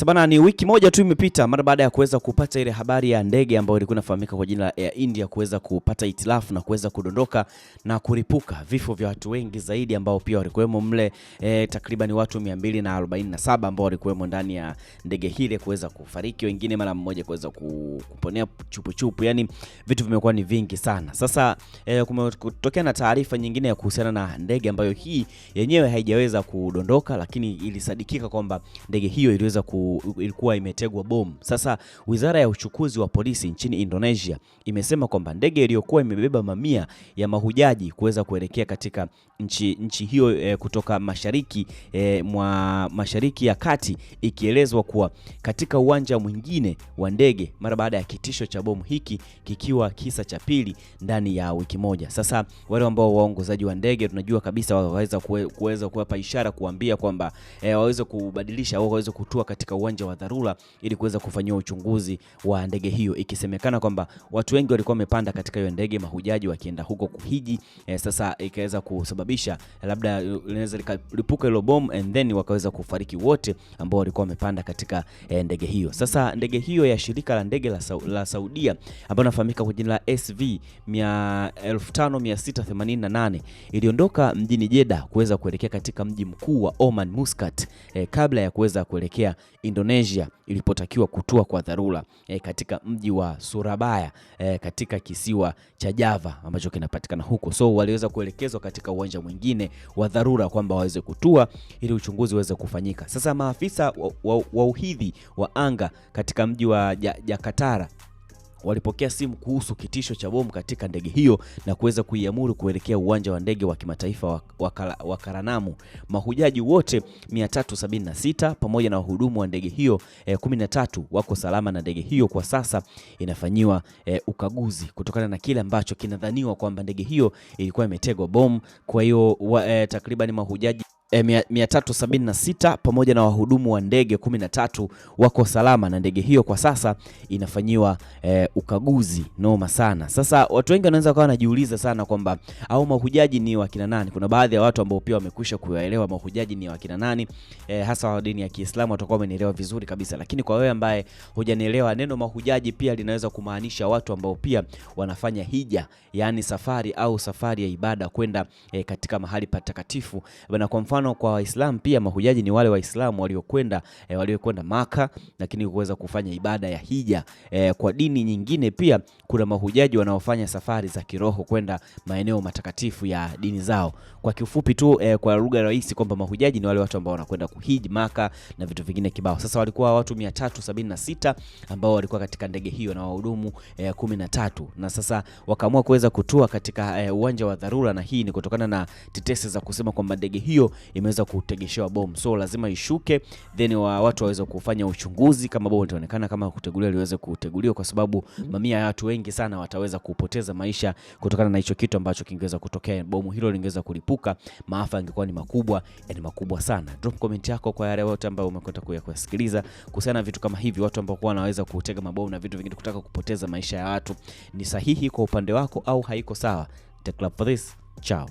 Sabana, ni wiki moja tu imepita mara baada ya kuweza kupata ile habari ya ndege ambayo ilikuwa inafahamika kwa jina la Air India kuweza kupata itilafu na kuweza kudondoka na kuripuka, vifo vya watu wengi zaidi ambao pia walikuwemo mle e, eh, takriban watu 247 ambao walikuwemo ndani ya ndege hile kuweza kufariki, wengine mara mmoja kuweza kuponea chupuchupu. Yani vitu vimekuwa ni vingi sana. Sasa e, eh, kumetokea na taarifa nyingine ya kuhusiana na ndege ambayo hii yenyewe haijaweza kudondoka, lakini ilisadikika kwamba ndege hiyo iliweza ku ilikuwa imetegwa bomu. Sasa wizara ya uchukuzi wa polisi nchini Indonesia imesema kwamba ndege iliyokuwa imebeba mamia ya mahujaji kuweza kuelekea katika nchi, nchi hiyo e, kutoka mashariki e, mwa mashariki ya kati ikielezwa kuwa katika uwanja mwingine wa ndege mara baada ya kitisho cha bomu hiki kikiwa kisa cha pili ndani ya wiki moja. Sasa wale ambao waongozaji wa ndege tunajua kabisa waweza kuweza kuwapa ishara kuambia kwamba e, waweze kubadilisha au waweze kutua katika uwanja wa dharura ili kuweza kufanyia uchunguzi wa ndege hiyo, ikisemekana kwamba watu wengi walikuwa wamepanda katika hiyo ndege, mahujaji wakienda huko kuhiji. E, sasa ikaweza kusababisha labda linaweza likalipuka hilo bomu and then wakaweza kufariki wote ambao walikuwa wamepanda katika e, ndege hiyo. Sasa ndege hiyo ya shirika la ndege la, Sau la Saudia ambayo inafahamika kwa jina la SV 5688 iliondoka mjini Jeddah kuweza kuelekea katika mji mkuu wa Oman Muscat, e, kabla ya kuweza kuelekea Indonesia ilipotakiwa kutua kwa dharura e, katika mji wa Surabaya e, katika kisiwa cha Java ambacho kinapatikana huko. So waliweza kuelekezwa katika uwanja mwingine wa dharura kwamba waweze kutua ili uchunguzi uweze kufanyika. Sasa maafisa wa, wa, wa uhidhi wa anga katika mji wa Jakatara walipokea simu kuhusu kitisho cha bomu katika ndege hiyo na kuweza kuiamuru kuelekea uwanja wa ndege wa kimataifa wa Karanamu. Mahujaji wote 376 pamoja na wahudumu wa ndege hiyo eh, 13 wako salama na ndege hiyo kwa sasa inafanyiwa eh, ukaguzi kutokana na kile ambacho kinadhaniwa kwamba ndege hiyo ilikuwa imetegwa bomu. Kwa hiyo eh, takriban mahujaji E, eh, 376 pamoja na wahudumu wa ndege 13 wako salama na ndege hiyo kwa sasa inafanyiwa e, ukaguzi noma sana. Sasa watu wengi wanaweza kuwa wanajiuliza sana kwamba au mahujaji ni wakina nani? Kuna baadhi ya watu ambao pia wamekwisha kuyaelewa mahujaji ni wakina nani, e, hasa wa dini ya Kiislamu watakuwa wamenielewa vizuri kabisa, lakini kwa wewe ambaye hujanielewa, neno mahujaji pia linaweza kumaanisha watu ambao pia wanafanya hija, yani safari au safari ya ibada kwenda e, katika mahali patakatifu bana, kwa mfano mfano kwa waislam pia mahujaji ni wale waislam waliokwenda e, waliokwenda Maka, lakini kuweza kufanya ibada ya hija. E, kwa dini nyingine pia kuna mahujaji wanaofanya safari za kiroho kwenda maeneo matakatifu ya dini zao. Kwa kifupi tu e, kwa lugha rahisi kwamba mahujaji ni wale watu ambao wanakwenda kuhiji Maka na vitu vingine kibao. Sasa walikuwa watu 376 ambao walikuwa katika ndege hiyo na wahudumu e, 13 na sasa wakaamua kuweza kutua katika uwanja e, wa dharura, na hii ni kutokana na tetesi za kusema kwamba ndege hiyo imeweza kutegeshewa bomu, so lazima ishuke, then wa watu waweze kufanya uchunguzi kama bomu itaonekana kama kuteguliwa liweze kuteguliwa, kwa sababu mhm. mamia ya watu wengi sana wataweza kupoteza maisha kutokana na hicho kitu ambacho kingeweza kutokea. Bomu hilo lingeweza kulipuka, maafa yangekuwa ni makubwa, ni makubwa sana. Drop comment yako kwa yale wote ambao umekwenda kuyasikiliza kuhusiana na vitu kama hivi, watu ambao kwa wanaweza kutega mabomu na vitu vingine kutaka kupoteza maisha ya watu, ni sahihi kwa upande wako au haiko sawa? Take love for this. Ciao.